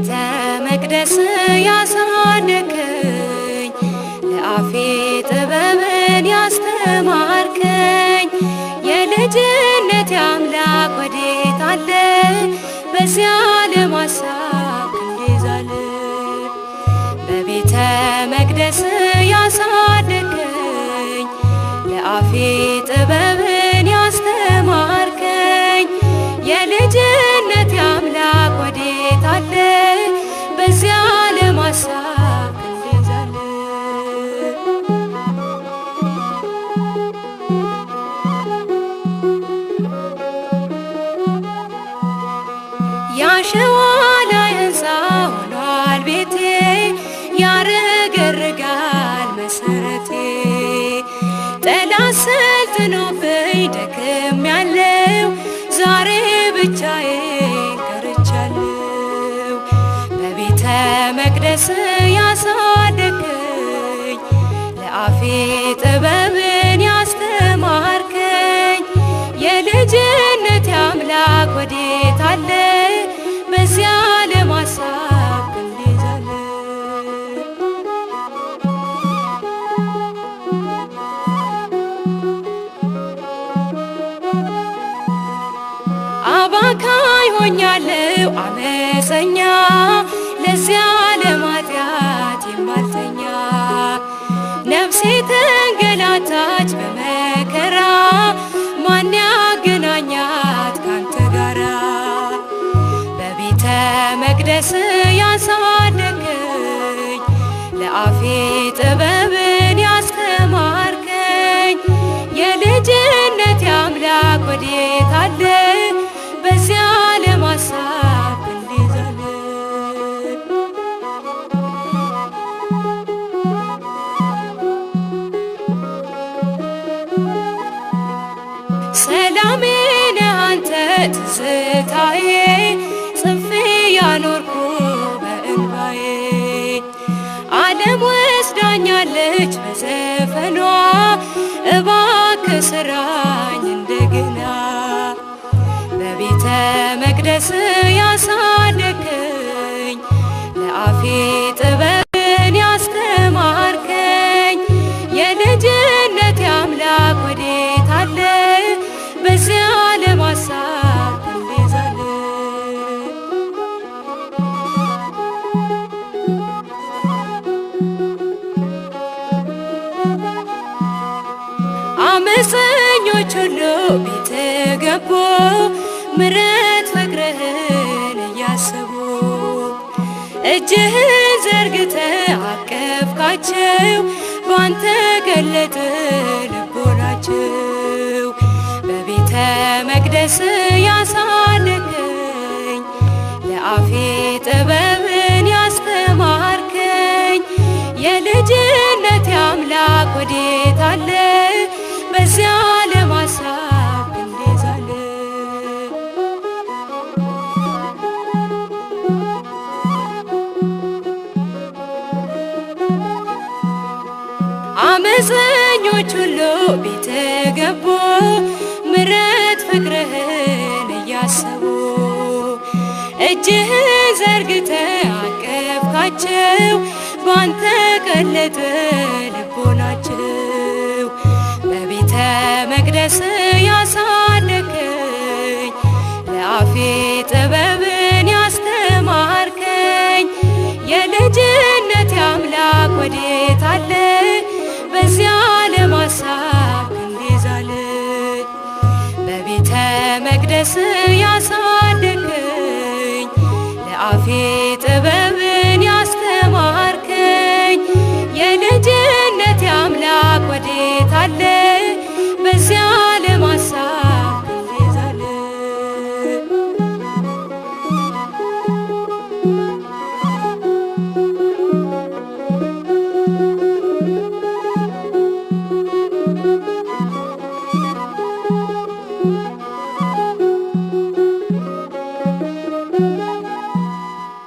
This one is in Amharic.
ቤተ መቅደስ ያሳደከኝ ለአፌ ጥበብን ያስተማርከኝ የልጅነት አምላክ ወዴት አለ በዚያ ሸዋ ላይ ህንፃ ሆኗል ቤቴ ያረገርጋል መሰረቴ ጠላት ሰልጥኖብኝ ደክም ያለው ዛሬ ብቻዬን ቀርቻለሁ በቤተ መቅደስ ያሳደከኝ ለአፌ ጥበብን ያስተማርከኝ የልጅነት አምላክ ወዴት አለ ሆኛለሁ አመፀኛ ለዚያ ለማጥያት የማልተኛ ነፍሴ ተንገላታች በመከራ ማን ያገናኛት ካንተ ጋራ በቤተ መቅደስ ያሳደግኝ ለአፌ ጥበብን ያስተማርከኝ የልጅነት አምላክ ወዴት አለ ሰላሜ ነህ አንተ ትዝታዬ ጽፌ ያኖርኩ በእንባዬ ዓለም ወስዳኛለች በዘፈኗ እባክህ ስራኝ እንደገና በቤተ መቅደስ ያሳደከኝ ለአፌ አመፀኞች ሁሉ ቤት ገቡ ምረት ፍቅርህን እያሰቡ እጅህን ዘርግተ አቀፍካቸው ባንተ ገለጥ ልቦናቸው በቤተ መቅደስ ያሳለከኝ ለአፌ ጥበብን ያስተማርከኝ የልጅነት አምላክ ወዴት አለ አመፀኞች ሁሉ ቤት ገቡ ምረት ፍቅርህን እያሰቡ እጅህን ዘርግተ አቀፍካቸው ባንተ ቀለጠ ልቦናቸው በቤተ መቅደስ ያሳደከኝ ለአፌ ጥበብን ያስተማርከኝ የልጅነት አምላክ ወዴ ያስ